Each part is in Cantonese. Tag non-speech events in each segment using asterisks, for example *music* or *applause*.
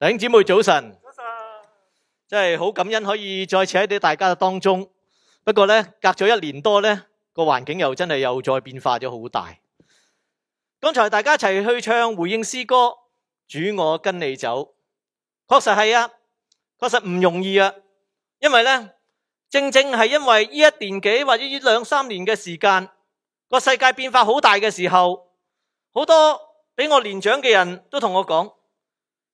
弟兄姊妹早晨，早晨，真係好感恩可以再次喺啲大家嘅當中。不過咧，隔咗一年多咧，個環境又真係又再變化咗好大。剛才大家一齊去唱回應詩歌，主我跟你走，確實係啊，確實唔容易啊。因為咧，正正係因為呢一年幾或者呢兩三年嘅時間，個世界變化好大嘅時候，好多比我年長嘅人都同我講。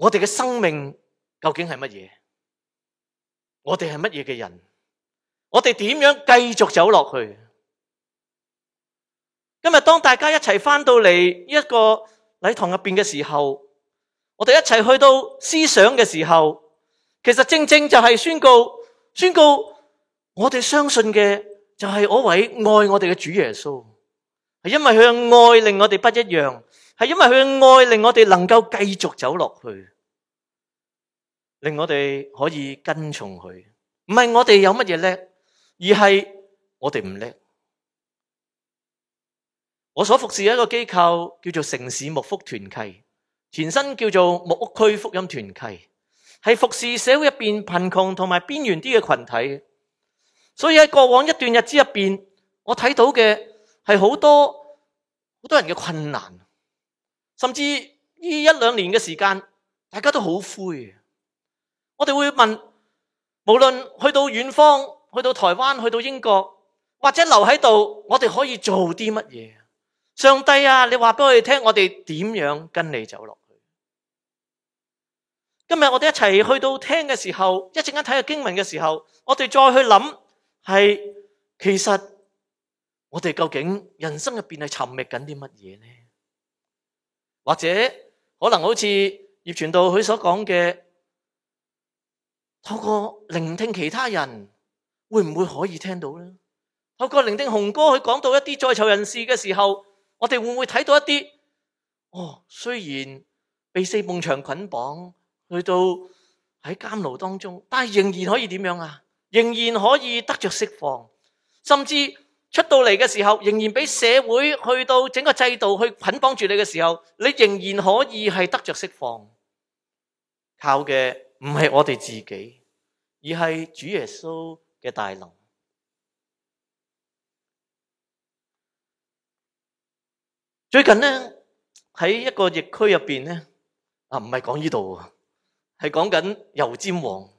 我哋嘅生命究竟係乜嘢？我哋係乜嘢嘅人？我哋點樣繼續走落去？今日當大家一齊返到嚟一個禮堂入面嘅時候，我哋一齊去到思想嘅時候，其實正正就係宣告宣告，宣告我哋相信嘅就係嗰位愛我哋嘅主耶穌。係因為佢嘅愛令我哋不一樣，係因為佢嘅愛令我哋能夠繼續走落去，令我哋可以跟從佢。唔係我哋有乜嘢叻，而係我哋唔叻。我所服侍嘅一個機構叫做城市睦福團契，前身叫做木屋區福音團契，係服侍社會入邊貧窮同埋邊緣啲嘅群體。所以喺過往一段日子入邊，我睇到嘅。係好多好多人嘅困難，甚至呢一兩年嘅時間，大家都好灰。我哋會問，無論去到遠方、去到台灣、去到英國，或者留喺度，我哋可以做啲乜嘢？上帝啊，你話俾我哋聽，我哋點樣跟你走落去？今日我哋一齊去到聽嘅時候，一陣間睇下經文嘅時候，我哋再去諗，係其實。我哋究竟人生入邊係尋覓緊啲乜嘢呢？或者可能好似葉傳道佢所講嘅，透過聆聽其他人，會唔會可以聽到呢？透過聆聽紅哥佢講到一啲在囚人士嘅時候，我哋會唔會睇到一啲？哦，雖然被四夢牆捆綁，去到喺監牢當中，但係仍然可以點樣啊？仍然可以得着釋放，甚至。出到嚟嘅時候，仍然俾社會去到整個制度去捆綁住你嘅時候，你仍然可以係得着釋放。靠嘅唔係我哋自己，而係主耶穌嘅大能。最近呢，喺一個疫區入面，呢，啊唔係講呢度，係講緊油尖旺。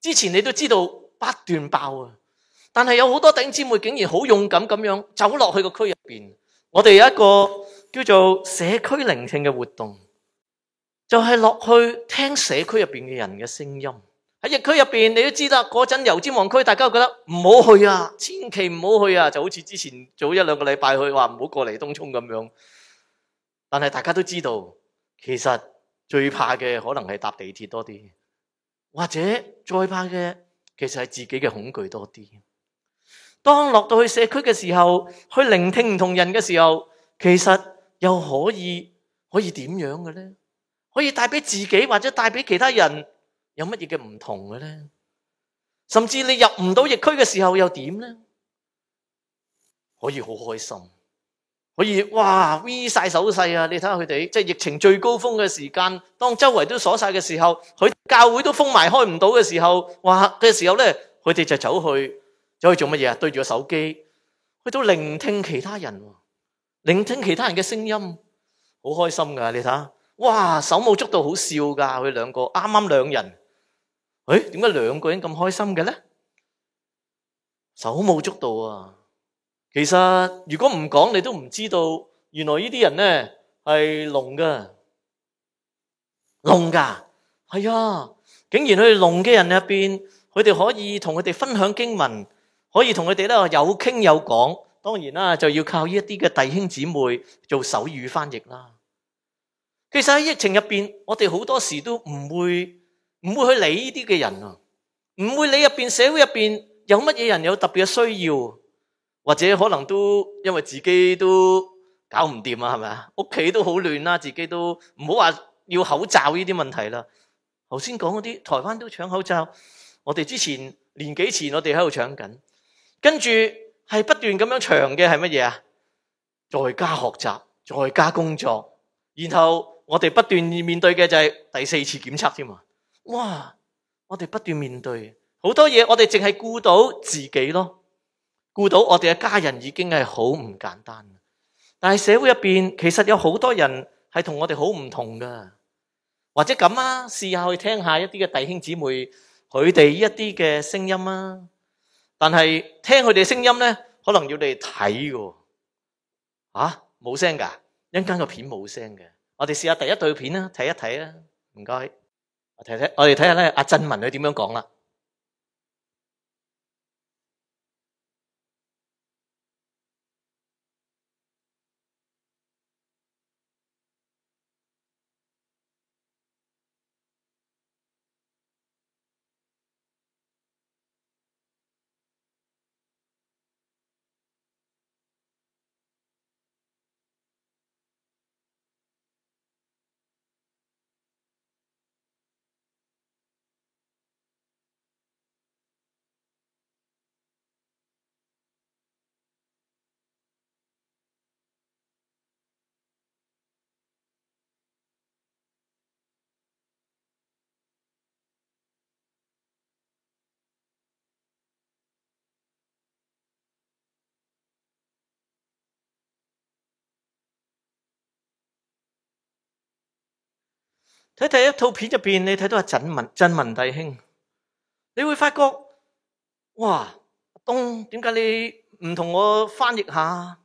之前你都知道不斷爆啊。但是有好多頂姊妹竟然好勇敢咁樣走落去個區入面。我哋有一個叫做社區聆聽嘅活動，就係落去聽社區入面嘅人嘅聲音。喺疫區入面，你都知道嗰陣油尖旺區，大家都覺得唔好去啊，千祈唔好去啊，就好似之前早一兩個禮拜去話唔好過嚟東涌咁樣。但係大家都知道，其實最怕嘅可能係搭地鐵多啲，或者最怕嘅其實係自己嘅恐懼多啲。當落到去社區嘅時候，去聆聽唔同人嘅時候，其實又可以可以點樣嘅咧？可以帶俾自己或者帶俾其他人有乜嘢嘅唔同嘅咧？甚至你入唔到疫區嘅時候又點咧？可以好開心，可以哇 V 晒手勢啊！你睇下佢哋，即係疫情最高峰嘅時間，當周圍都鎖晒嘅時候，佢教會都封埋開唔到嘅時候，哇嘅時候咧，佢哋就走去。走去做乜嘢啊？對住個手機，去到聆聽其他人，聆聽其他人嘅聲音，好開心噶！你睇下，哇，手舞足蹈，好笑噶！佢兩個啱啱兩人，誒，點解兩個人咁開心嘅咧？手舞足蹈啊！其實如果唔講，你都唔知道，原來呢啲人咧係聾嘅，聾噶，係啊！竟然去聾嘅人入邊，佢哋可以同佢哋分享經文。可以同佢哋咧有傾有講，當然啦，就要靠呢一啲嘅弟兄姊妹做手語翻譯啦。其實喺疫情入邊，我哋好多時都唔會唔會去理呢啲嘅人啊，唔會理入邊社會入邊有乜嘢人有特別嘅需要，或者可能都因為自己都搞唔掂啊，係咪啊？屋企都好亂啦，自己都唔好話要口罩呢啲問題啦。頭先講嗰啲台灣都搶口罩，我哋之前年幾前我哋喺度搶緊。跟住係不斷咁樣長嘅係乜嘢啊？在家學習，在家工作，然後我哋不斷面對嘅就係第四次檢測添啊！哇，我哋不斷面對好多嘢，我哋淨係顧到自己咯，顧到我哋嘅家人已經係好唔簡單。但係社會入邊其實有好多人係同我哋好唔同噶，或者咁啊，試下去聽下一啲嘅弟兄姊妹佢哋呢一啲嘅聲音啊。但係聽佢哋聲音咧，可能要你睇噶，啊冇聲噶，一陣個片冇聲嘅，我哋試下第一對片啦，睇一睇啊，唔該，我睇睇，我哋睇下咧，阿振文佢點樣講啦。你睇一套片入邊，你睇到阿振文、振文弟兄，你會發覺哇，阿東點解你唔同我翻譯下？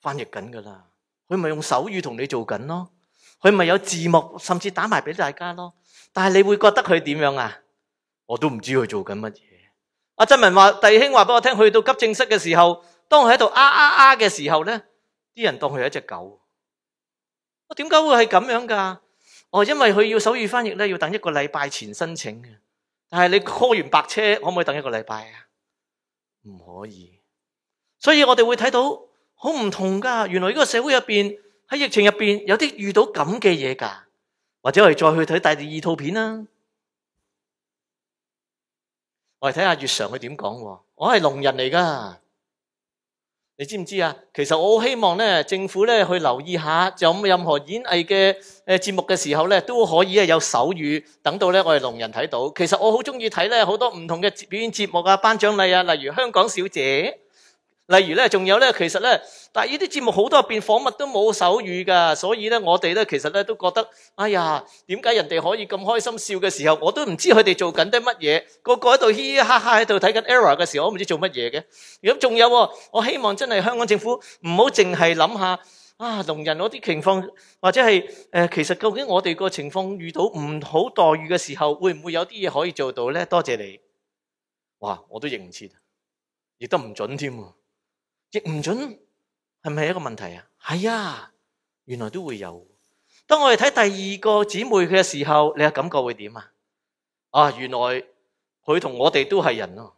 翻譯緊噶啦，佢咪用手語同你做緊咯，佢咪有字幕，甚至打埋俾大家咯。但係你會覺得佢點樣啊？我都唔知佢做緊乜嘢。阿振文話：弟兄話俾我聽，去到急症室嘅時候，當佢喺度啊啊啊嘅時候咧，啲人當佢係一隻狗。我點解會係咁樣噶？哦，因為佢要手語翻譯呢要等一個禮拜前申請。但係你 call 完白車，可唔可以等一個禮拜啊？唔可以，所以我哋會睇到好唔同㗎。原來呢個社會入面，喺疫情入面，有啲遇到咁嘅嘢㗎。或者我哋再去睇第二套片啦。我哋睇下月常佢點講。我係聾人嚟㗎。你知唔知啊？其實我希望呢政府，呢去留意下，有任何演藝嘅節目嘅時候呢都可以有手語，等到呢我哋聾人睇到。其實我好中意睇呢好多唔同嘅表演節目啊、頒獎禮啊，例如香港小姐。例如咧，仲有咧，其實咧，但係呢啲節目好多入邊訪問都冇手語噶，所以咧，我哋咧，其實咧都覺得，哎呀，點解人哋可以咁開心笑嘅時候，我都唔知佢哋做緊啲乜嘢？個個喺度嘻嘻哈哈喺度睇緊 error 嘅時候，我唔知做乜嘢嘅。如果仲有，我希望真係香港政府唔好淨係諗下啊聾人嗰啲情況，或者係誒、呃，其實究竟我哋個情況遇到唔好待遇嘅時候，會唔會有啲嘢可以做到咧？多謝你。哇，我都認唔切，亦都唔準添亦唔準，係咪一個問題啊？係啊，原來都會有。當我哋睇第二個姊妹嘅時候，你嘅感覺會點啊？啊，原來佢同我哋都係人啊，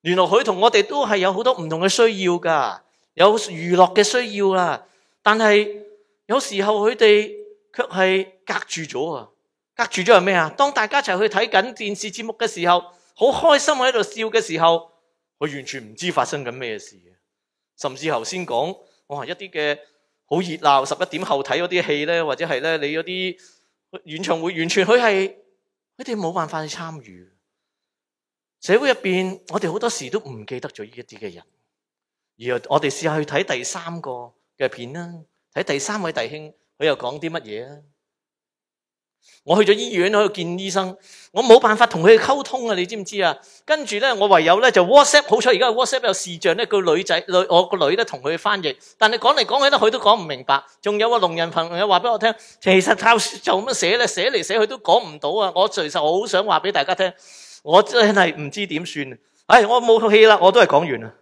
原來佢同我哋都係有好多唔同嘅需要噶，有娛樂嘅需要啊。但係有時候佢哋卻係隔住咗啊，隔住咗係咩啊？當大家一齊去睇緊電視節目嘅時候，好開心喺度笑嘅時候，佢完全唔知發生緊咩事甚至頭先講，哇！一啲嘅好熱鬧，十一點後睇嗰啲戲呢，或者係呢，你嗰啲演唱會，完全佢係，佢哋冇辦法去參與。社會入面，我哋好多時都唔記得咗呢啲嘅人。而我哋試下去睇第三個嘅片啦，睇第三位弟兄，佢又講啲乜嘢？我去咗醫院喺度見醫生，我冇辦法同佢溝通啊！你知唔知啊？跟住咧，我唯有咧就 WhatsApp，好彩而家喺 WhatsApp 有視像咧，個女仔，我女我個女咧同佢翻譯。但係講嚟講去咧，佢都講唔明白。仲有個聾人朋友話俾我聽，其實就就咁寫咧，寫嚟寫去都講唔到啊！我其實好想話俾大家聽，我真係唔知點算。唉，哎，我冇氣啦，我都係講完啦，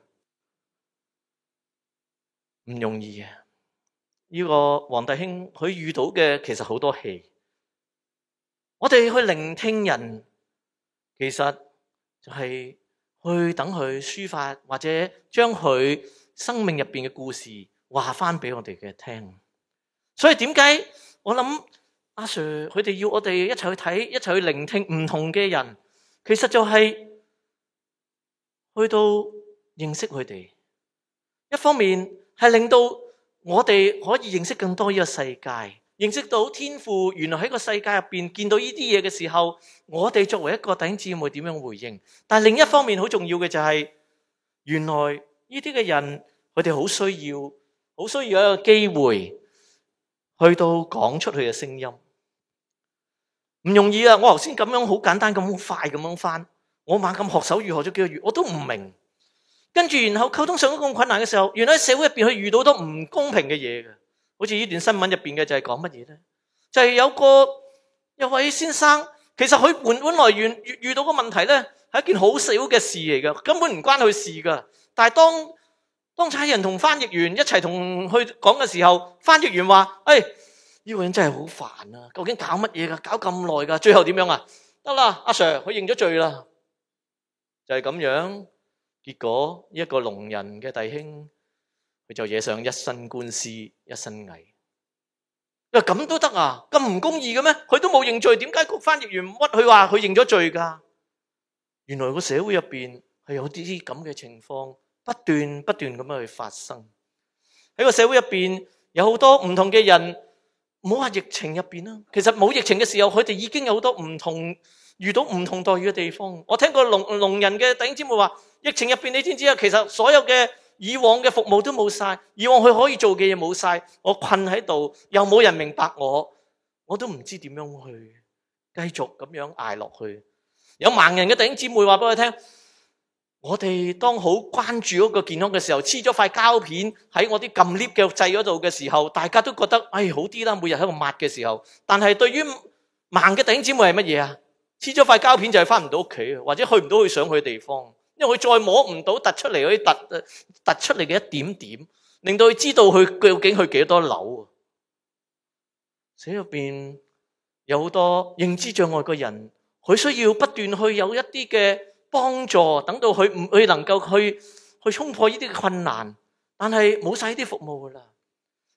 唔容易啊！呢，這個黃弟兄佢遇到嘅其實好多氣。我哋去聆聽人，其實就係去等佢抒發，或者將佢生命入面嘅故事話返俾我哋嘅聽。所以點解我諗，阿 Sir 佢哋要我哋一齊去睇，一齊去聆聽唔同嘅人，其實就係去到認識佢哋。一方面係令到我哋可以認識更多呢個世界。認識到天父原來喺個世界入邊見到呢啲嘢嘅時候，我哋作為一個弟兄姊妹點樣回應？但係另一方面好重要嘅就係，原來呢啲嘅人佢哋好需要，好需要有一個機會去到講出去嘅聲音。唔容易啊！我頭先咁樣好簡單咁，好快咁樣翻。我猛咁學手語學咗幾個月，我都唔明。跟住然後溝通上咁困難嘅時候，原來喺社會入邊佢遇到好多唔公平嘅嘢嘅。好似呢段新聞入面嘅就係講乜嘢咧？就係、是、有一個有位先生，其實佢本本來遇遇到個問題咧，係一件好小嘅事嚟嘅，根本唔關佢事噶。但係當當差人同翻譯員一齊同佢講嘅時候，翻譯員話，誒、哎、呢、這個人真係好煩啊！究竟搞乜嘢呀？搞咁耐㗎？最後點樣啊？得啦，阿 Sir，佢認咗罪啦，就係、是、咁樣。結果一、這個聾人嘅弟兄。佢就惹上一身官司，一身危。佢咁都得啊？咁唔公義嘅咩？佢都冇認罪，點解個翻譯員屈佢話佢認咗罪噶？原來個社會入邊係有啲啲咁嘅情況，不斷不斷咁樣去發生喺個社會入邊，有好多唔同嘅人。唔好話疫情入邊啦，其實冇疫情嘅時候，佢哋已經有好多唔同遇到唔同待遇嘅地方。我聽過農農人嘅弟兄姐妹話，疫情入邊你知唔知啊？其實所有嘅。以往嘅服務都冇晒，以往佢可以做嘅嘢冇晒，我困喺度，又冇人明白我，我都唔知點樣去繼續咁樣捱落去。有盲人嘅弟兄姊妹話俾我聽：我哋當好關注嗰個健康嘅時候，黐咗塊膠片喺我啲撳 lift 嘅掣嗰度嘅時候，大家都覺得哎，好啲啦，每日喺度抹嘅時候。但係對於盲嘅弟兄姊妹係乜嘢啊？黐咗塊膠片就係翻唔到屋企，或者去唔到佢想去嘅地方。因為佢再摸唔到突出嚟嗰啲突突出嚟嘅一點點，令到佢知道佢究竟去幾多樓啊！入邊有好多認知障礙嘅人，佢需要不斷去有一啲嘅幫助，等到佢唔去能夠去去衝破呢啲困難，但係冇晒呢啲服務噶啦。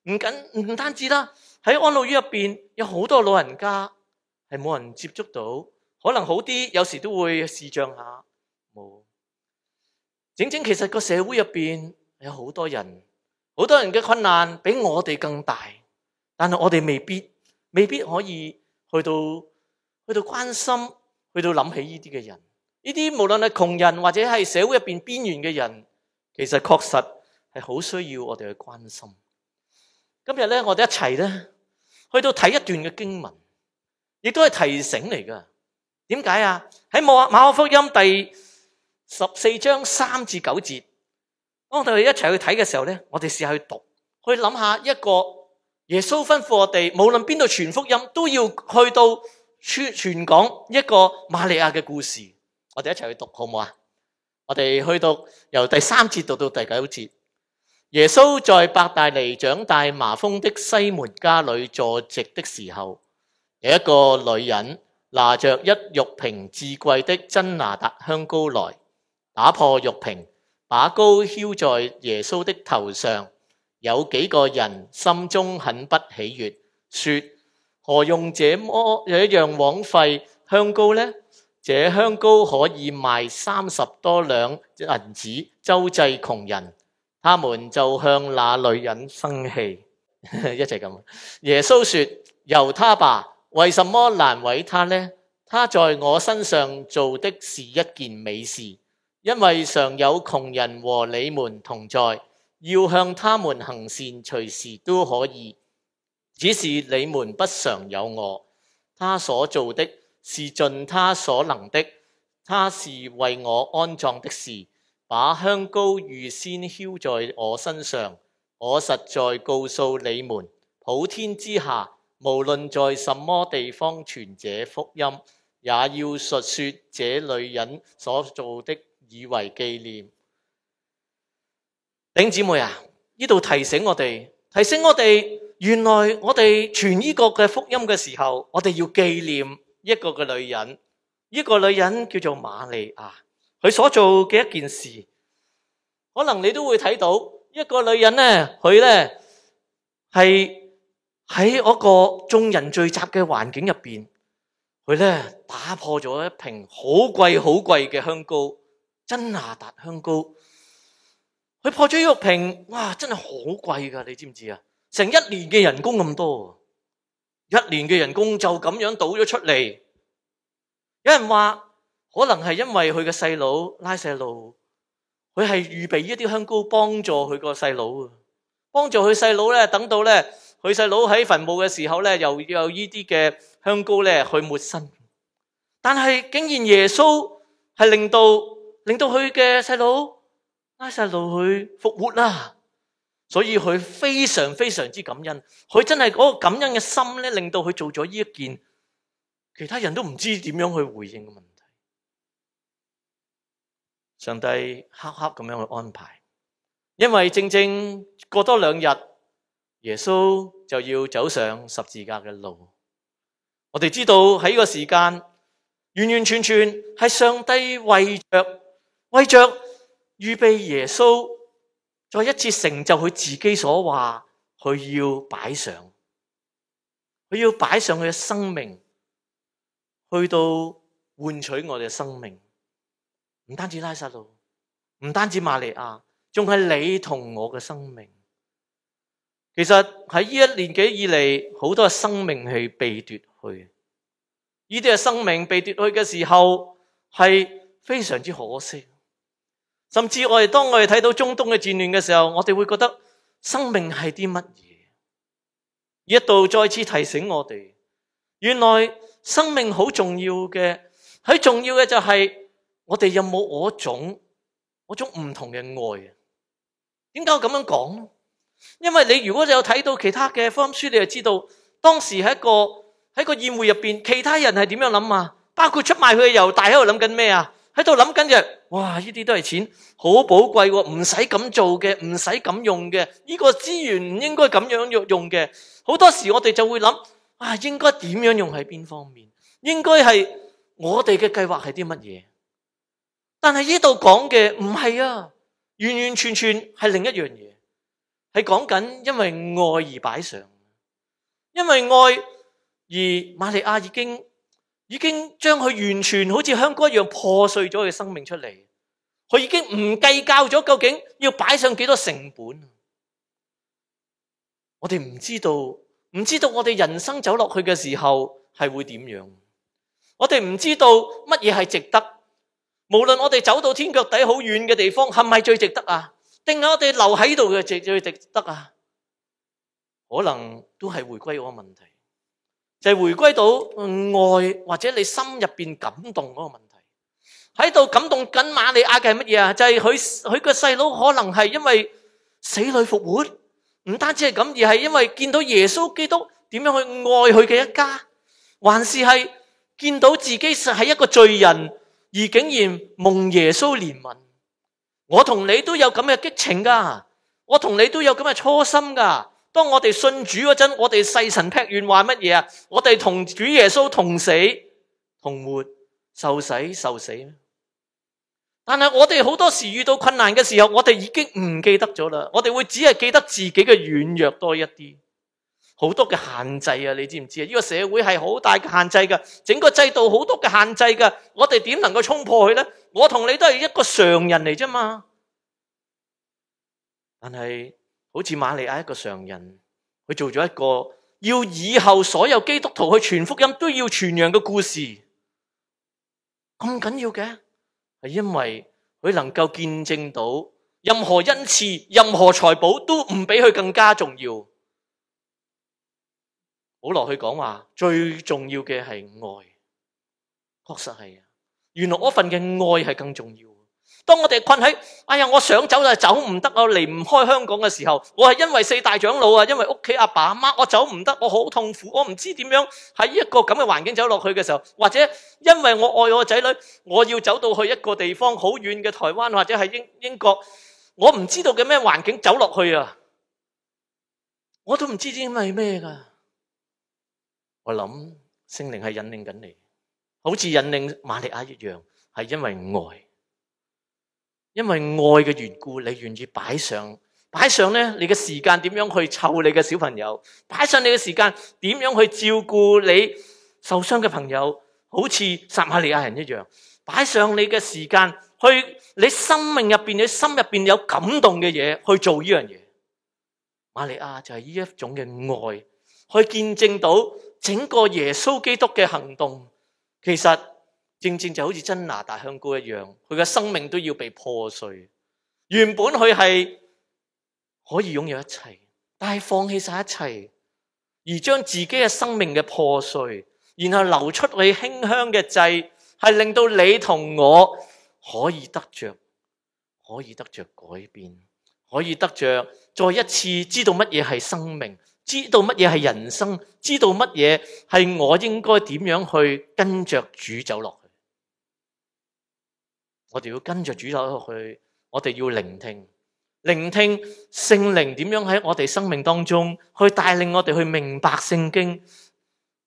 唔緊唔單止啦，喺安老院入邊有好多老人家係冇人接觸到，可能好啲有時都會視像下冇。整整其實個社會入邊有好多人，好多人嘅困難比我哋更大，但係我哋未必未必可以去到去到關心，去到諗起呢啲嘅人，呢啲無論係窮人或者係社會入邊邊緣嘅人，其實確實係好需要我哋去關心。今日咧，我哋一齊咧去到睇一段嘅經文，亦都係提醒嚟㗎。點解啊？喺馬馬可福音第。十四章三至九節，當我哋一齊去睇嘅時候咧，我哋試下去讀，去諗下一個耶穌吩咐我哋，無論邊度傳福音，都要去到傳講一個瑪利亞嘅故事。我哋一齊去讀好唔好啊？我哋去讀由第三節讀到第九節。耶穌在伯大尼長大麻風的西門家裏坐席的時候，有一個女人拿着一玉瓶至貴的真哪噠香膏來。打破玉瓶，把膏澆在耶穌的頭上。有幾個人心中很不喜悅，說：何用這麼一樣枉費香膏呢？這香膏可以賣三十多兩銀子，周濟窮人。他們就向那女人生氣， *laughs* 一直咁。耶穌說：由他吧，為什麼難為他呢？他在我身上做的是一件美事。因為常有窮人和你們同在，要向他們行善，隨時都可以。只是你們不常有我。他所做的是盡他所能的。他是為我安葬的事，把香膏預先澆在我身上。我實在告訴你們，普天之下無論在什麼地方傳這福音，也要述說這女人所做的。以為紀念，頂姊妹啊！呢度提醒我哋，提醒我哋，原來我哋傳呢個嘅福音嘅時候，我哋要紀念一個嘅女人，呢個女人叫做瑪利亞，佢所做嘅一件事，可能你都會睇到，一個女人咧，佢咧係喺嗰個眾人聚集嘅環境入邊，佢咧打破咗一瓶好貴好貴嘅香膏。真拿達香膏，佢破咗一玉瓶，哇！真係好貴㗎，你知唔知啊？成一年嘅人工咁多，一年嘅人工就咁樣倒咗出嚟。有人話可能係因為佢嘅細佬拉撒路，佢係預備一啲香膏幫助佢個細佬，幫助佢細佬呢，等到呢，佢細佬喺墳墓嘅時候呢，又有呢啲嘅香膏呢，去抹身。但係竟然耶穌係令到。令到佢嘅細佬，拉撒路復活啦，所以佢非常非常之感恩，佢真係嗰個感恩嘅心咧，令到佢做咗呢一件，其他人都唔知點樣去回應嘅問題。上帝恰恰咁樣去安排，因為正正過多兩日，耶穌就要走上十字架嘅路。我哋知道喺呢個時間，完完全全係上帝為着。為着預備耶穌，再一次成就佢自己所話，佢要擺上，佢要擺上佢嘅生命，去到換取我哋嘅生命。唔單止拉撒路，唔單止瑪利亞，仲係你同我嘅生命。其實喺呢一年幾以嚟，好多嘅生命係被奪去。呢啲生命被奪去嘅時候，係非常之可惜。甚至我哋當我哋睇到中東嘅戰亂嘅時候，我哋會覺得生命係啲乜嘢？一度再次提醒我哋，原來生命好重要嘅，好重要嘅就係我哋有冇嗰種嗰種唔同嘅愛。點解我咁樣講？因為你如果有睇到其他嘅福音書，你就知道當時喺一個喺個宴會入面，其他人係點樣諗啊？包括出賣佢嘅猶大喺度諗緊咩啊？喺度諗緊嘅，哇！呢啲都係錢，好寶貴，唔使咁做嘅，唔使咁用嘅，呢個資源唔應該咁樣用用嘅。好多時我哋就會諗，啊，應該點樣用喺邊方面？應該係我哋嘅計劃係啲乜嘢？但係呢度講嘅唔係啊，完完全全係另一樣嘢，係講緊因為愛而擺上，因為愛而馬利亞已經。已經將佢完全好似香膏一樣破碎咗佢嘅生命出嚟，佢已經唔計較咗究竟要擺上幾多成本。我哋唔知道，唔知道我哋人生走落去嘅時候係會點樣。我哋唔知道乜嘢係值得。無論我哋走到天腳底好遠嘅地方，係咪最值得啊？定係我哋留喺度嘅最最值得啊？可能都係回歸我個問題。就係回歸到愛或者你心入邊感動嗰個問題，喺度感動緊瑪利亞嘅係乜嘢啊？就係佢佢個細佬可能係因為死裏復活，唔單止係咁，而係因為見到耶穌基督點樣去愛佢嘅一家，還是係見到自己實係一個罪人，而竟然蒙耶穌憐憫。我同你都有咁嘅激情噶我同你都有咁嘅初心噶。當我哋信主嗰陣，我哋誓神劈願話乜嘢啊？我哋同主耶穌同死同活，受洗、受死。但係我哋好多時遇到困難嘅時候，我哋已經唔記得咗啦。我哋會只係記得自己嘅軟弱多一啲，好多嘅限制啊！你知唔知啊？呢個社會係好大嘅限制噶，整個制度好多嘅限制噶。我哋點能夠衝破佢呢？我同你都係一個常人嚟啫嘛，但係。好似瑪利亞一個常人，佢做咗一個要以後所有基督徒去傳福音都要傳揚嘅故事。咁緊要嘅係因為佢能夠見證到任何恩賜、任何財寶都唔比佢更加重要。好落去講話，最重要嘅係愛，確實係啊！原來我份嘅愛係更重要。當我哋困喺，哎呀，我想走就走唔得我，離唔開香港嘅時候，我係因為四大長老啊，因為屋企阿爸阿媽，我走唔得，我好痛苦，我唔知點樣喺一個咁嘅環境走落去嘅時候，或者因為我愛我仔女，我要走到去一個地方好遠嘅台灣或者係英英國，我唔知道嘅咩環境走落去啊，我都唔知呢啲係咩噶。我諗，聖靈係引領緊你，好似引領瑪利亞一樣，係因為愛。因為愛嘅緣故，你願意擺上擺上呢，你嘅時間點樣去湊你嘅小朋友？擺上你嘅時間點樣去照顧你受傷嘅朋友？好似撒瑪利亞人一樣，擺上你嘅時間去你生命入邊、你心入邊有感動嘅嘢去做呢樣嘢。瑪利亞就係呢一種嘅愛，去見證到整個耶穌基督嘅行動。其實，正正就好似真哪噠香膏一樣，佢嘅生命都要被破碎。原本佢係可以擁有一切，但係放棄晒一切，而將自己嘅生命嘅破碎，然後流出你馨香嘅祭，係令到你同我可以得着，可以得着改變，可以得着再一次知道乜嘢係生命，知道乜嘢係人生，知道乜嘢係我應該點樣去跟着主走落。我哋要跟住主走落去，我哋要聆聽聆聽聖靈點樣喺我哋生命當中去帶領我哋去明白聖經。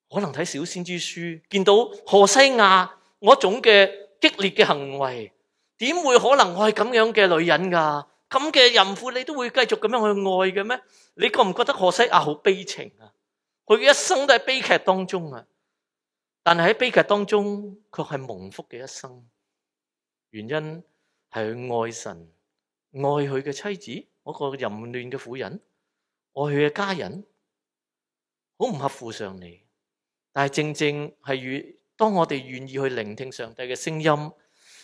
可能睇小先知書，見到何西阿嗰種嘅激烈嘅行為，點會可能我係咁樣嘅女人噶？咁嘅淫婦，你都會繼續咁樣去愛嘅咩？你覺唔覺得何西阿好悲情啊？佢嘅一生都係悲劇當中啊，但係喺悲劇當中，佢係蒙福嘅一生。原因係愛神，愛佢嘅妻子，嗰個淫亂嘅婦人，愛佢嘅家人，好唔合乎常理。但係正正係當我哋願意去聆聽上帝嘅聲音，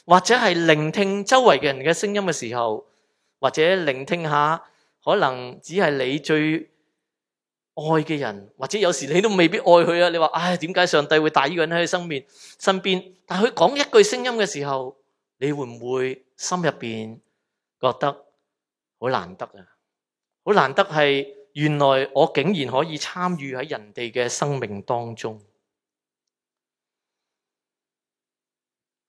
或者係聆聽周圍嘅人嘅聲音嘅時候，或者聆聽一下可能只係你最愛嘅人，或者有時你都未必愛佢，你話唉，點解上帝會帶一個人喺佢身邊？身邊，但佢講一句聲音嘅時候。你會唔會心入面覺得好難得啊？好難得係，原來我竟然可以參與喺人哋嘅生命當中。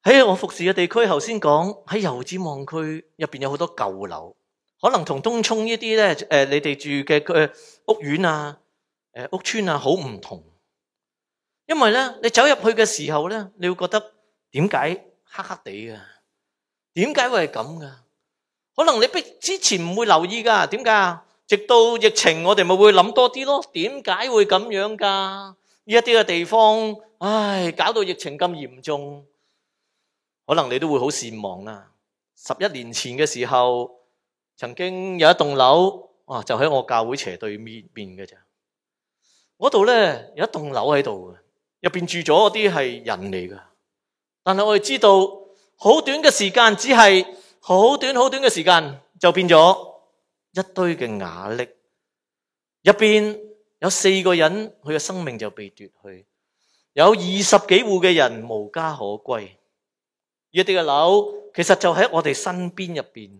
喺我服侍嘅地區，頭先講，喺油尖旺區入面有好多舊樓，可能同東涌呢啲你哋住嘅屋苑啊、屋邨啊，好唔同。因為呢，你走入去嘅時候呢，你會覺得點解黑黑地呀？點解會係咁噶？可能你逼之前唔會留意噶，點解啊？直到疫情，我哋咪會諗多啲咯。點解會咁樣噶？呢一啲嘅地方，唉，搞到疫情咁嚴重，可能你都會好善忘啦。十一年前嘅時候，曾經有一棟樓啊，就喺我教會斜對面嘅咋。嗰度咧有一棟樓喺度嘅，入邊住咗啲係人嚟噶，但係我哋知道。好短嘅時間，只係好短好短嘅時間，就變咗一堆嘅瓦礫。入邊有四個人，佢嘅生命就被奪去；有二十幾戶嘅人無家可歸。一啲嘅樓，其實就喺我哋身邊入邊，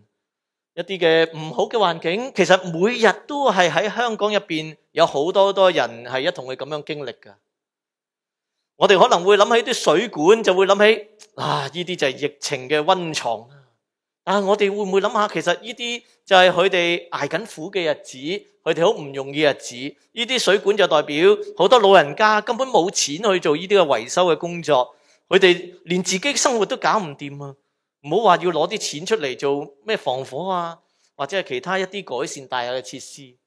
一啲嘅唔好嘅環境，其實每日都係喺香港入邊有好多多人係一同佢咁樣經歷噶。我哋可能會諗起啲水管，就會諗起。啊！呢啲就係疫情嘅溫床啊！我哋會唔會諗下，其實呢啲就係佢哋捱緊苦嘅日子，佢哋好唔容易日子。呢啲水管就代表好多老人家根本冇錢去做呢啲嘅維修嘅工作，佢哋連自己生活都搞唔掂啊！唔好話要攞啲錢出嚟做咩防火啊，或者係其他一啲改善大廈嘅設施。呢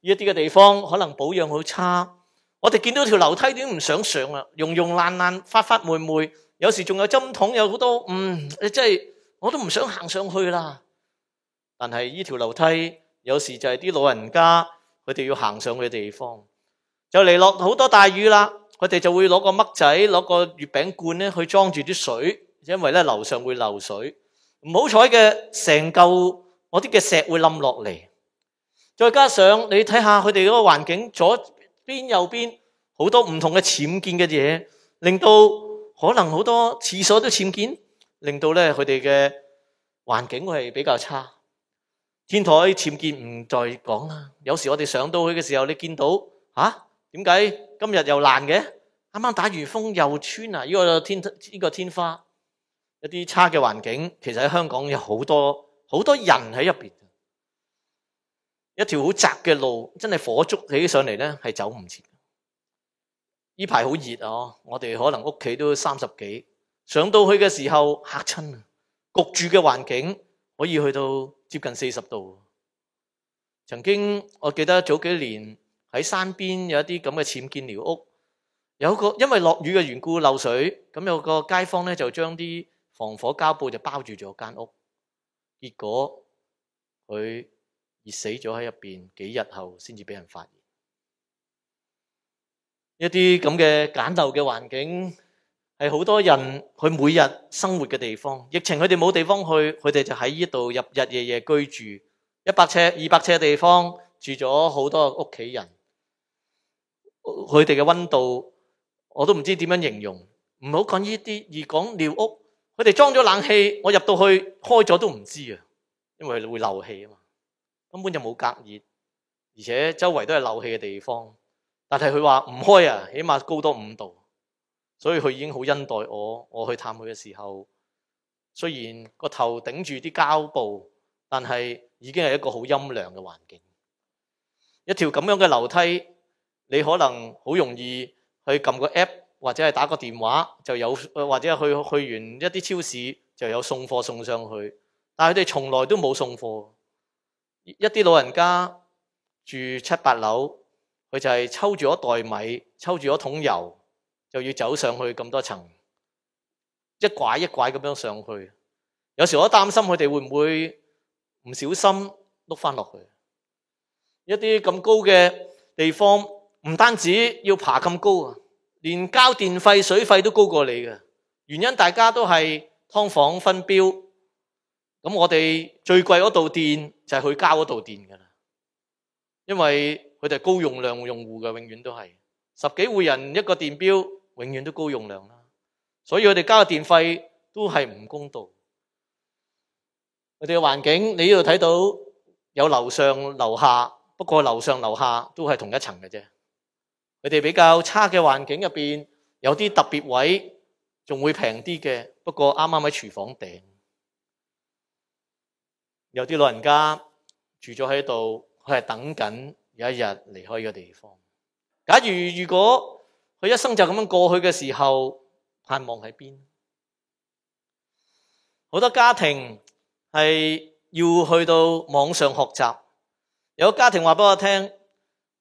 一啲嘅地方可能保養好差，我哋見到條樓梯點唔想上啊，溶溶爛，爛爛，花花霉霉。有時仲有針筒，有好多嗯，你真係我都唔想行上去啦。但係呢條樓梯，有時就係啲老人家佢哋要行上去嘅地方。就嚟落好多大雨啦，佢哋就會攞個唛仔，攞個月餅罐咧去裝住啲水，因為咧樓上會漏水，唔好彩嘅成嚿我啲嘅石會冧落嚟。再加上你睇下佢哋嗰個環境，左邊右邊好多唔同嘅僭建嘅嘢，令到。可能好多廁所都僭建，令到咧佢哋嘅環境係比較差。天台僭建唔再講啦。有時我哋上到去嘅時候，你見到吓，點解今日又爛嘅？啱啱打完風又穿啊！呢個天呢個天花，一啲差嘅環境，其實喺香港有好多好多人喺入邊。一條好窄嘅路，真係火燭起上嚟咧，係走唔切。呢排好熱啊！我哋可能屋企都三十幾，上到去嘅時候吓親啊！焗住嘅環境可以去到接近四十度。曾經我記得早幾年喺山邊有一啲咁嘅僭建寮屋，有個因為落雨嘅緣故漏水，咁有個街坊咧就將啲防火膠布就包住咗間屋，結果佢熱死咗喺入邊幾日後先至俾人發現。一啲咁嘅簡陋嘅環境，係好多人佢每日生活嘅地方。疫情佢哋冇地方去，佢哋就喺呢度日日夜夜居住。一百尺、二百尺嘅地方住咗好多屋企人，佢哋嘅溫度我都唔知點樣形容。唔好講呢啲，而講尿屋，佢哋裝咗冷氣，我入到去開咗都唔知啊，因為會漏氣啊嘛，根本就冇隔熱，而且周圍都係漏氣嘅地方。但係佢話唔開啊，起碼高多五度，所以佢已經好恩待我。我去探佢嘅時候，雖然個頭頂住啲膠布，但係已經係一個好陰涼嘅環境。一條咁樣嘅樓梯，你可能好容易去撳個 app 或者係打個電話就有，或者去去完一啲超市就有送貨送上去。但係佢哋從來都冇送貨。一啲老人家住七八樓。佢就係抽住一袋米，抽住一桶油，就要走上去咁多層，一拐一拐咁樣上去。有時候我擔心佢哋會唔會唔小心碌返落去。一啲咁高嘅地方，唔單止要爬咁高，連交電費水費都高過你㗎。原因大家都係劏房分標，咁我哋最貴嗰度電就係、是、去交嗰度電㗎啦，因為。佢哋係高容量用戶嘅，永遠都係十幾戶人一個電表，永遠都高容量啦。所以佢哋交嘅電費都係唔公道。佢哋嘅環境，你呢度睇到有樓上樓下，不過樓上樓下都係同一層嘅啫。佢哋比較差嘅環境入面，有啲特別位仲會平啲嘅，不過啱啱喺廚房頂。有啲老人家住咗喺度，佢係等緊。有一日離開個地方，假如如果佢一生就噉樣過去嘅時候，盼望喺邊？好多家庭係要去到網上學習，有個家庭話俾我聽，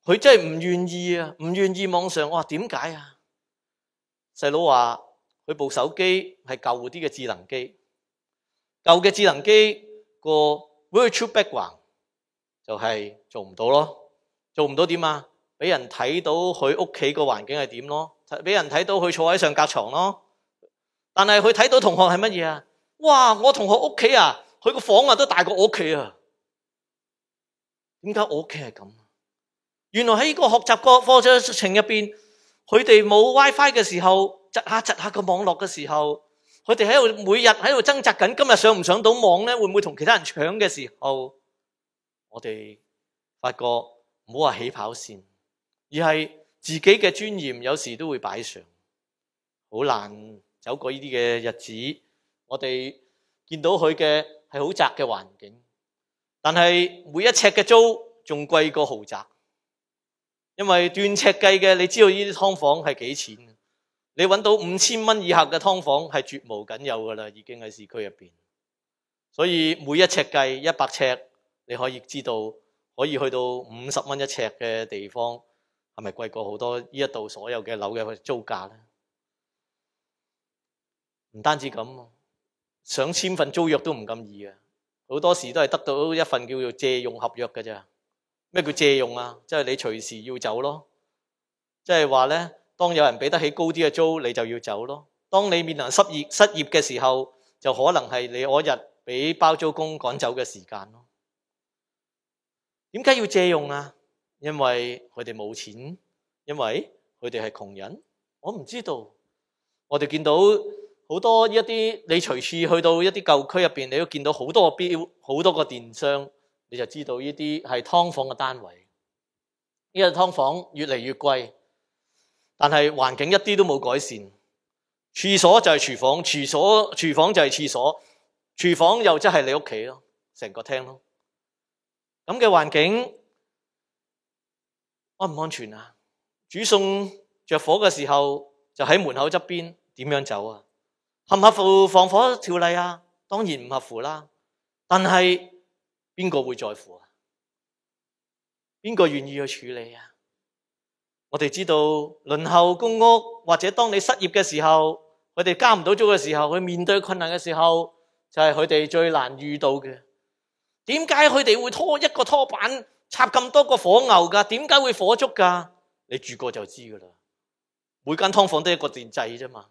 佢真係唔願意啊，唔願意網上。我話，點解啊？細佬話佢部手機係舊啲嘅智能機，舊嘅智能機個 virtual background 就係做唔到咯。做唔到點啊？俾人睇到佢屋企個環境係點咯，俾人睇到佢坐喺上格床咯。但係佢睇到同學係乜嘢啊？嘩，我同學屋企啊，佢個房啊都大過我屋企啊。點解我屋企係咁？原來喺呢個學習個課程入面，佢哋冇 WiFi 嘅時候，窒下窒下個網絡嘅時候，佢哋喺度每日喺度掙扎緊，今日上唔上到網呢？會唔會同其他人搶嘅時候，我哋發覺。唔好話起跑線，而係自己嘅尊嚴，有時都會擺上。好難走過呢啲嘅日子。我哋見到佢嘅係好窄嘅環境，但係每一尺嘅租仲貴過豪宅。因為斷尺計嘅，你知道呢啲劏房係幾錢？你搵到五千蚊以下嘅劏房係絕無僅有㗎喇，已經喺市區入邊。所以每一尺計一百尺，你可以知道。可以去到五十蚊一尺嘅地方，係咪貴過好多呢一度所有嘅樓嘅租價咧？唔單止咁，想簽份租約都唔咁易啊！好多時都係得到一份叫做借用合約㗎。咋？咩叫借用啊？即係你隨時要走咯，即係話咧，當有人俾得起高啲嘅租，你就要走咯。當你面臨失業失業嘅時候，就可能係你嗰日俾包租公趕走嘅時間咯。點解要借用啊？因為佢哋冇錢，因為佢哋係窮人。我唔知道。我哋見到好多一啲，你隨處去到一啲舊區入邊，你都見到好多個標，好多個電商，你就知道呢啲係劏房嘅單位。呢個劏房越嚟越貴，但係環境一啲都冇改善。廁所就係廚房，廁所廚房就係廁所，廚房又即係你屋企咯，成個廳咯。咁嘅環境安唔安全啊？煮餸着火嘅時候就喺門口側邊點樣走啊？合唔合乎防火條例啊？當然唔合乎啦。但係邊個會在乎啊？邊個願意去處理啊？我哋知道輪候公屋或者當你失業嘅時候，佢哋交唔到租嘅時候，佢面對困難嘅時候，就係佢哋最難遇到嘅。點解佢哋會拖一個拖板插咁多個火牛噶？點解會火燭噶？你住過就知噶啦。每間劏房都一個電掣啫嘛，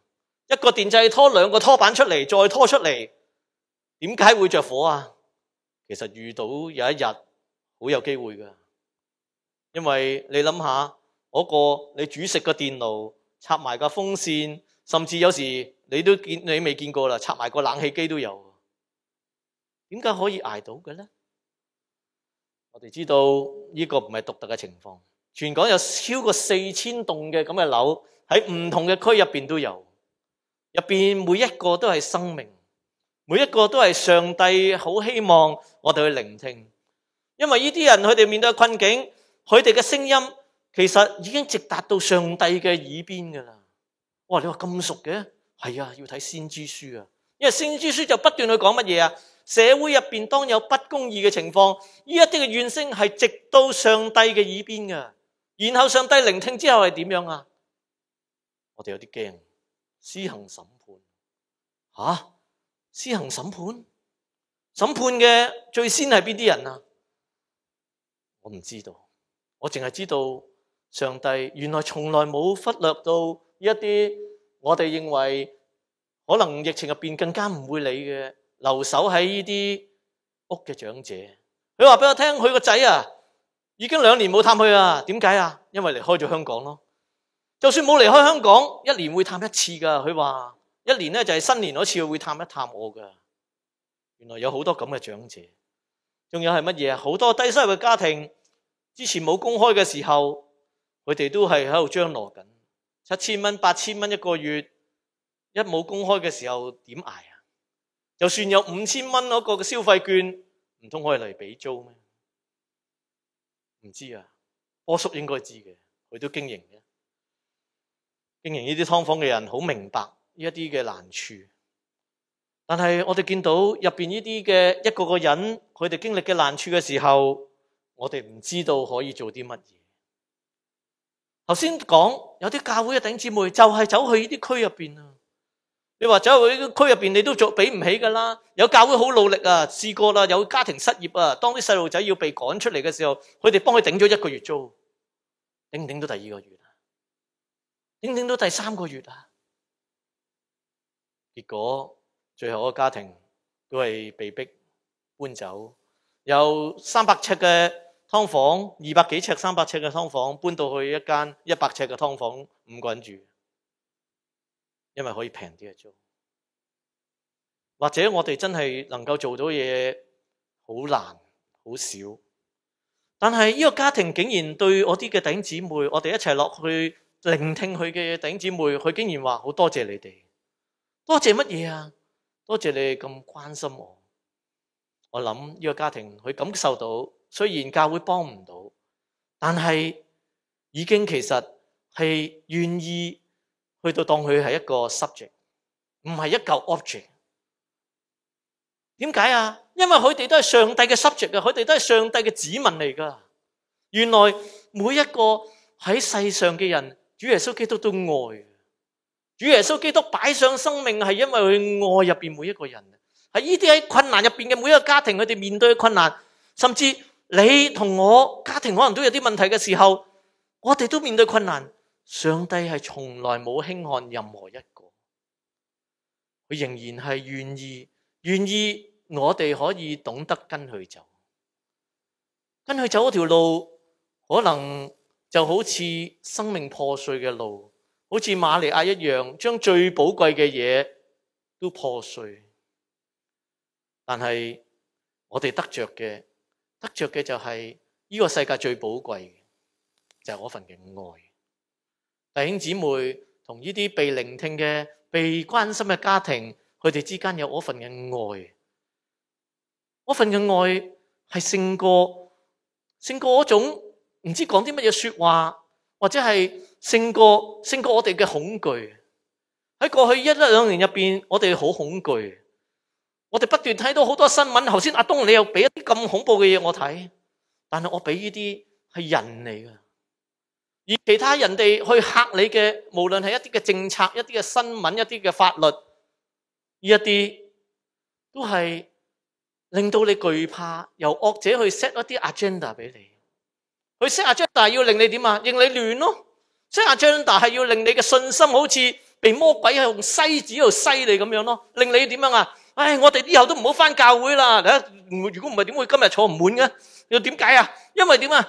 一個電掣拖兩個拖板出嚟，再拖出嚟，點解會着火啊？其實遇到有一日好有機會噶，因為你諗下嗰個你煮食嘅電爐插埋個風扇，甚至有時你都見你未見過啦，插埋個冷氣機都有。點解可以捱到嘅咧？我哋知道呢、這個唔係獨特嘅情況，全港有超過四千棟嘅咁嘅樓喺唔同嘅區入邊都有，入邊每一個都係生命，每一個都係上帝好希望我哋去聆聽，因為呢啲人佢哋面對的困境，佢哋嘅聲音其實已經直達到上帝嘅耳邊噶啦。我、哦、話你話咁熟嘅，係啊，要睇先知書啊，因為先知書就不斷去講乜嘢啊。社會入邊當有不公義嘅情況，呢一啲嘅怨聲係直到上帝嘅耳邊㗎。然後上帝聆聽之後係點樣啊？我哋有啲驚，施行審判，吓、啊？施行審判，審判嘅最先係邊啲人啊？我唔知道，我淨係知道上帝原來從來冇忽略到呢一啲我哋認為可能疫情入邊更加唔會理嘅。留守喺呢啲屋嘅長者，佢話俾我聽，佢個仔啊，已經兩年冇探佢啦。點解啊？因為離開咗香港咯。就算冇離開香港，一年會探一次噶。佢話一年咧就係新年嗰次會探一探我噶。原來有好多咁嘅長者，仲有係乜嘢？好多低收入嘅家庭，之前冇公開嘅時候，佢哋都係喺度張羅緊七千蚊、八千蚊一個月，一冇公開嘅時候點挨？就算有五千蚊嗰個嘅消費券，唔通可以嚟俾租咩？唔知啊，波叔應該知嘅，佢都經營嘅，經營呢啲劏房嘅人好明白呢一啲嘅難處。但係我哋見到入邊呢啲嘅一個個人，佢哋經歷嘅難處嘅時候，我哋唔知道可以做啲乜嘢。頭先講有啲教會嘅弟兄姊妹就係走去呢啲區入邊啊。你話走去區入邊，你都做比唔起㗎啦。有教會好努力啊，試過啦。有家庭失業啊，當啲細路仔要被趕出嚟嘅時候，佢哋幫佢頂咗一個月租，頂唔頂到第二個月啊？頂唔頂到第三個月啊？結果最後個家庭都係被逼搬走，由三百尺嘅劏房，二百幾尺、三百尺嘅㓥房，搬到去一間一百尺嘅劏房，五個人住。因為可以平啲嘅租，或者我哋真係能夠做到嘢好難好少，但係呢個家庭竟然對我啲嘅弟兄姊妹，我哋一齊落去聆聽佢嘅弟兄姊妹，佢竟然話好多謝你哋，多謝乜嘢呀？多謝你哋咁關心我。我諗呢個家庭佢感受到，雖然教會幫唔到，但係已經其實係願意。去到當佢係一個 subject，唔係一嚿 object。點解啊？因為佢哋都係上帝嘅 subject 啊，佢哋都係上帝嘅子民嚟噶。原來每一個喺世上嘅人，主耶穌基督都愛。主耶穌基督擺上生命，係因為佢愛入邊每一個人。喺呢啲喺困難入邊嘅每一個家庭，佢哋面對嘅困難，甚至你同我家庭可能都有啲問題嘅時候，我哋都面對困難。上帝係從來冇輕看任何一個，佢仍然係願意，願意我哋可以懂得跟佢走，跟佢走嗰條路，可能就好似生命破碎嘅路，好似瑪利亞一樣，將最寶貴嘅嘢都破碎，但係我哋得着嘅，得着嘅就係呢個世界最寶貴嘅，就係嗰份嘅愛。弟兄姊妹同呢啲被聆聽嘅、被關心嘅家庭，佢哋之間有嗰份嘅愛，嗰份嘅愛係勝過勝過嗰種唔知講啲乜嘢說什麼話，或者係勝過勝過我哋嘅恐懼。喺過去一兩兩年入面，我哋好恐懼，我哋不斷睇到好多新聞。頭先阿東，你又俾啲咁恐怖嘅嘢我睇，但係我俾呢啲係人嚟㗎。而其他人哋去吓你嘅，無論係一啲嘅政策、一啲嘅新聞、一啲嘅法律，一啲都係令到你懼怕。由惡者去 set 一啲 agenda 俾你，去 set agenda 要令你點啊？令你亂咯。set agenda 係要令你嘅信心好似被魔鬼用篩子度篩你咁樣咯。令你點樣啊？唉，我哋以後都唔好翻教會啦。嚟，如果唔係點會今日坐唔滿嘅？又點解啊？因為點啊？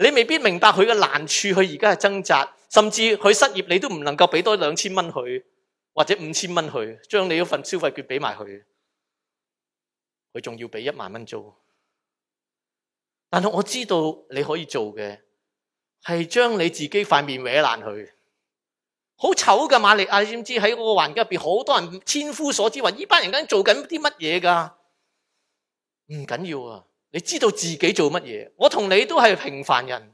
你未必明白佢嘅難處，佢而家係掙扎，甚至佢失業，你都唔能夠俾多兩千蚊佢，或者五千蚊佢，將你嗰份消費券俾埋佢，佢仲要俾一萬蚊租。但係我知道你可以做嘅，係將你自己塊面搣爛佢，好醜嘅馬利亞！你知唔知喺嗰個環境入面，好多人千夫所指，話呢班人咁做緊啲乜嘢噶？唔緊要啊。你知道自己做乜嘢？我同你都係平凡人，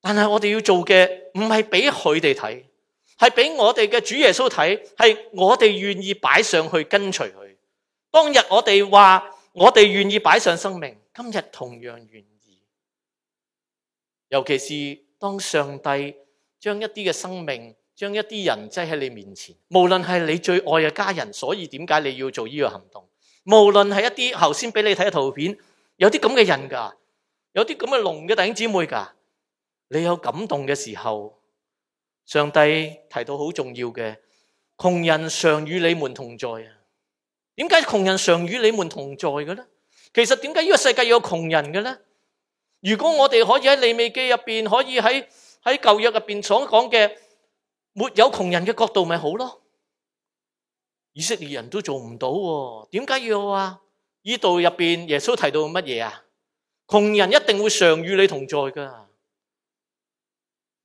但係我哋要做嘅唔係俾佢哋睇，係俾我哋嘅主耶穌睇，係我哋願意擺上去跟隨佢。當日我哋話我哋願意擺上生命，今日同樣願意。尤其是當上帝將一啲嘅生命，將一啲人擠喺你面前，無論係你最愛嘅家人，所以點解你要做呢個行動？無論係一啲頭先俾你睇嘅圖片。有啲咁嘅人㗎，有啲咁嘅聾嘅弟兄姊妹㗎。你有感動嘅時候，上帝提到好重要嘅，窮人常與你們同在啊。點解窮人常與你們同在嘅呢？其實點解呢個世界要有窮人嘅呢？如果我哋可以喺利未記入面，可以喺喺舊約入面所講嘅沒有窮人嘅角度，咪好囉？以色列人都做唔到喎，點解要啊？呢度入邊，耶穌提到乜嘢啊？窮人一定會常與你同在噶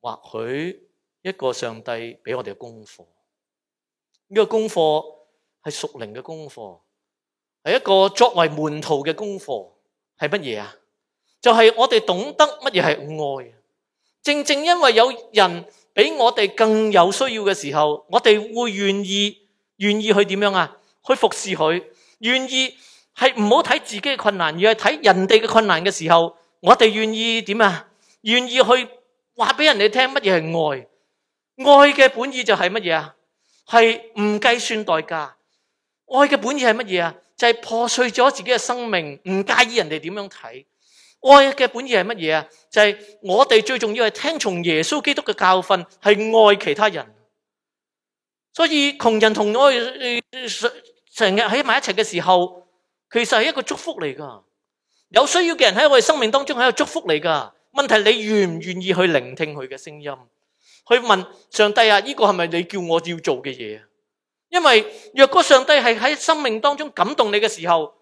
或許一個上帝俾我哋嘅功課，呢、這個功課係屬靈嘅功課，係一個作為門徒嘅功課，係乜嘢啊？就係、是、我哋懂得乜嘢係愛。正正因為有人比我哋更有需要嘅時候，我哋會願意願意去點樣啊？去服侍佢，願意。係唔好睇自己嘅困難，而係睇人哋嘅困難嘅時候，我哋願意點啊？願意去話俾人哋聽乜嘢係愛？愛嘅本意就係乜嘢啊？係唔計算代價？愛嘅本意係乜嘢啊？就係破碎咗自己嘅生命，唔介意人哋點樣睇？愛嘅本意係乜嘢啊？就係我哋最重要係聽從耶穌基督嘅教訓，係愛其他人。所以窮人同我哋成日喺埋一齊嘅時候。其實係一個祝福嚟噶有需要嘅人喺我哋生命當中係一個祝福嚟噶問題是你願唔願意去聆聽佢嘅聲音，去問上帝啊？呢、這個係咪你叫我要做嘅嘢？因為若果上帝係喺生命當中感動你嘅時候，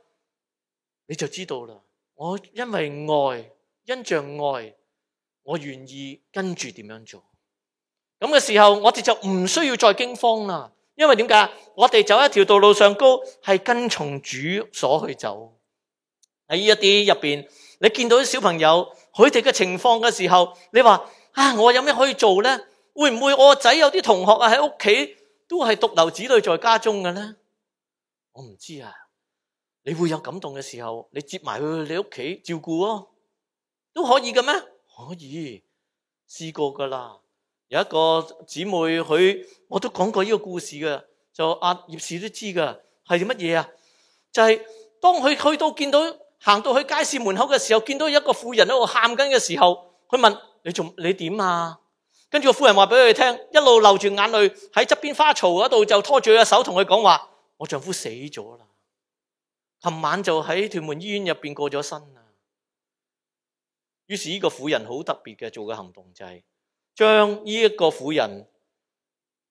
你就知道啦。我因為愛，因着愛，我願意跟住點樣做。咁嘅時候，我哋就就唔需要再驚慌啦。因為點解？我哋走一條道路上高，係跟從主所去走。喺一啲入邊，你見到啲小朋友，佢哋嘅情況嘅時候，你話啊，我有咩可以做咧？會唔會我個仔有啲同學啊喺屋企都係獨留子女在家中嘅咧？我唔知啊。你會有感動嘅時候，你接埋去你屋企照顧咯、啊，都可以嘅咩？可以，試過噶啦。有一個姊妹，佢我都講過呢個故事㗎。就阿、啊、葉氏都知㗎，嘅，係乜嘢啊？就係、是、當佢去到見到行到去街市門口嘅時候，見到一個婦人喺度喊緊嘅時候，佢問：你仲你點啊？跟住個婦人話俾佢聽，一路流住眼淚喺側邊花槽嗰度就拖住個手同佢講話：我丈夫死咗啦，琴晚就喺屯門醫院入面過咗身啦。於是呢、這個婦人好特別嘅做嘅行動就係、是。將呢一個婦人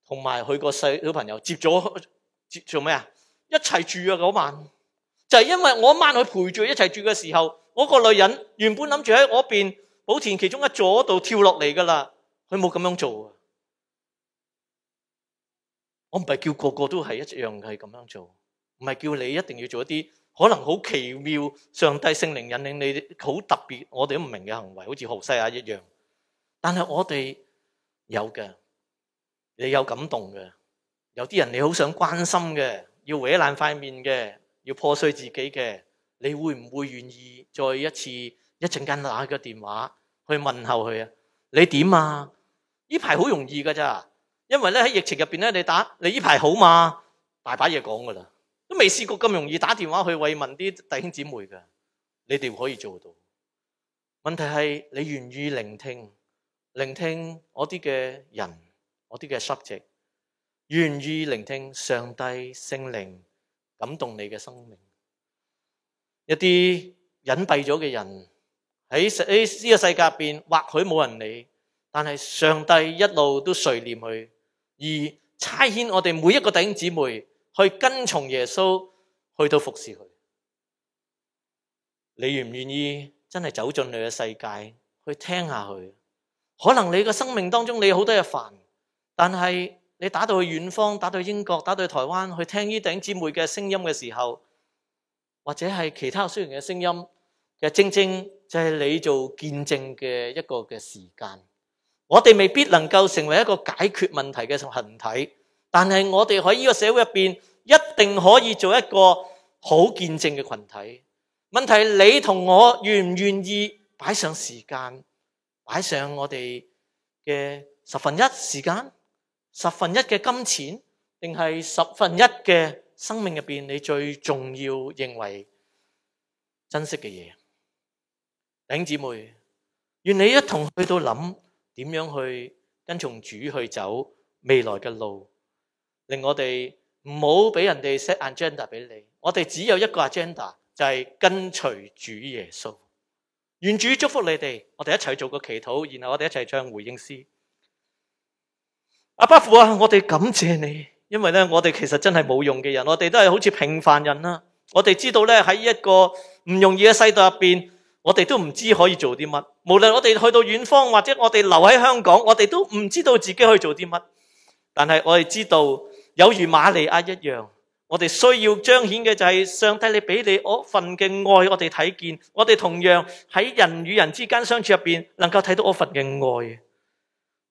同埋佢個細小朋友接咗，接做咩啊？一齊住啊嗰晚，就係、是、因為我嗰晚去陪住佢一齊住嘅時候，我個女人原本諗住喺我邊保田其中一座度跳落嚟噶啦，佢冇咁樣做。我唔係叫個個都係一樣係咁樣做，唔係叫你一定要做一啲可能好奇妙、上帝聖靈引領你好特別，我哋都唔明嘅行為，好似何西阿一樣。但係我哋有嘅，你有感動嘅，有啲人你好想關心嘅，要毀爛塊面嘅，要破碎自己嘅，你會唔會願意再一次一陣間打個電話去問候佢啊？你點啊？呢排好容易㗎咋？因為咧喺疫情入邊咧，你打你呢排好嘛？大把嘢講噶啦，都未試過咁容易打電話去慰問啲弟兄姊妹嘅，你哋可以做到？問題係你願意聆聽？聆聽我啲嘅人，我啲嘅失職，願意聆聽上帝聖靈感動你嘅生命。一啲隱蔽咗嘅人喺喺呢個世界邊，或許冇人理，但係上帝一路都垂念佢，而差遣我哋每一個弟兄姊妹去跟從耶穌，去到服侍佢。你願唔願意真係走進你嘅世界去聽下佢？可能你個生命當中你好多嘢煩，但係你打到去遠方，打到去英國，打到去台灣去聽呢頂姊妹嘅聲音嘅時候，或者係其他學員嘅聲音，的正正就係你做見證嘅一個嘅時間。我哋未必能夠成為一個解決問題嘅群體，但係我哋喺呢個社會入邊一定可以做一個好見證嘅群體。問題係你同我願唔願意擺上時間？擺上我哋嘅十分一時間、十分一嘅金錢，定係十分一嘅生命入邊，你最重要認為珍惜嘅嘢。弟兄姊妹，願你一同去到諗點樣去跟從主去走未來嘅路，令我哋唔好俾人哋 set agenda 俾你。我哋只有一個 agenda，就係、是、跟隨主耶穌。願主祝福你哋，我哋一齊做個祈禱，然後我哋一齊唱回應詩。阿爸父啊，我哋感謝你，因為呢，我哋其實真係冇用嘅人，我哋都係好似平凡人啦。我哋知道呢，喺一個唔容易嘅世道入面，我哋都唔知道可以做啲乜。無論我哋去到遠方，或者我哋留喺香港，我哋都唔知道自己可以做啲乜。但係我哋知道，有如瑪利亞一樣。我哋需要彰顯嘅就係上帝，你俾你我份嘅愛，我哋睇見。我哋同樣喺人與人之間相處入邊，能夠睇到我份嘅愛。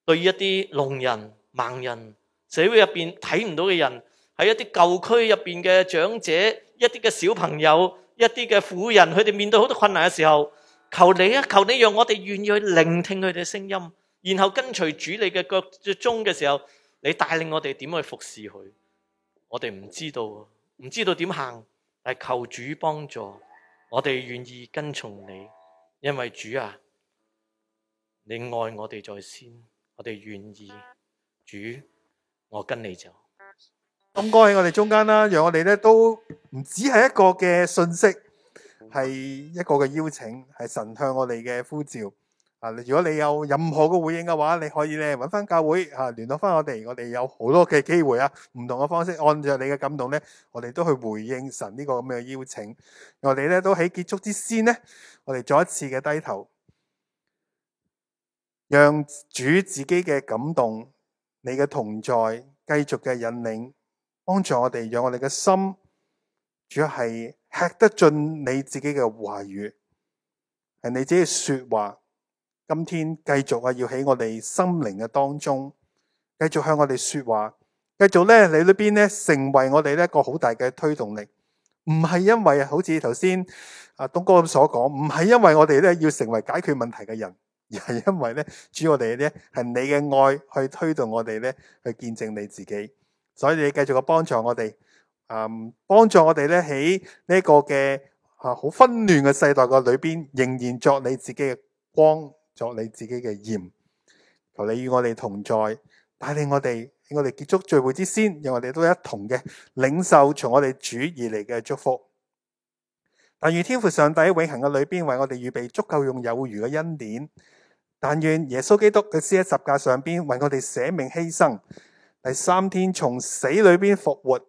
對於一啲聾人、盲人，社會入邊睇唔到嘅人，喺一啲舊區入邊嘅長者、一啲嘅小朋友、一啲嘅婦人，佢哋面對好多困難嘅時候，求你啊，求你讓我哋願意去聆聽佢哋聲音，然後跟隨主你嘅腳蹤嘅時候，你帶領我哋點去服侍佢。我哋唔知道，唔知道點行，但求主幫助。我哋願意跟從你，因為主啊，你愛我哋在先，我哋願意，主，我跟你走。咁剛在我哋中間啦，讓我哋都唔只係一個嘅信息，係一個嘅邀請，係神向我哋嘅呼召。啊！如果你有任何嘅回應嘅話，你可以咧揾翻教會吓，聯絡翻我哋。我哋有好多嘅機會啊，唔同嘅方式，按照你嘅感動咧，我哋都去回應神呢個咁嘅邀請。我哋咧都喺結束之先咧，我哋再一次嘅低頭，讓主自己嘅感動，你嘅同在繼續嘅引領，幫助我哋，讓我哋嘅心主要係吃得盡你自己嘅話語，係你自己的說話。今天繼續啊，要喺我哋心靈嘅當中繼續向我哋說話，繼續咧，你裏邊咧成為我哋咧一個好大嘅推動力，唔係因為啊，好似頭先阿東哥咁所講，唔係因為我哋咧要成為解決問題嘅人，而係因為咧主我哋咧係你嘅愛去推動我哋咧去見證你自己，所以你繼續嘅幫助我哋，嗯，幫助我哋咧喺呢一個嘅啊好紛亂嘅世代嘅裏邊，仍然作你自己嘅光。作你自己嘅鹽，求你與我哋同在，帶領我哋，我哋結束聚會之先，讓我哋都一同嘅領受從我哋主而嚟嘅祝福。但願天父上帝喺永恒嘅裏邊，為我哋預備足夠用有餘嘅恩典。但願耶穌基督喺十架上邊為我哋捨命犧牲，第三天從死裏邊復活，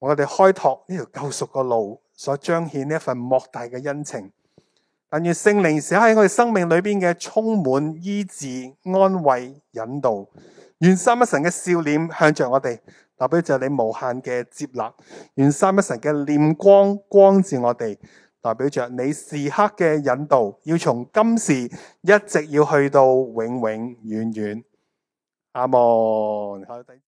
我哋開拓呢條救贖嘅路，所彰顯呢一份莫大嘅恩情。但願聖靈寫喺我哋生命裏邊嘅充滿醫治、安慰、引導。願三一神嘅笑臉向着我哋，代表着你無限嘅接納，願三一神嘅念光光照我哋，代表着你時刻嘅引導，要從今時一直要去到永永遠遠。阿門。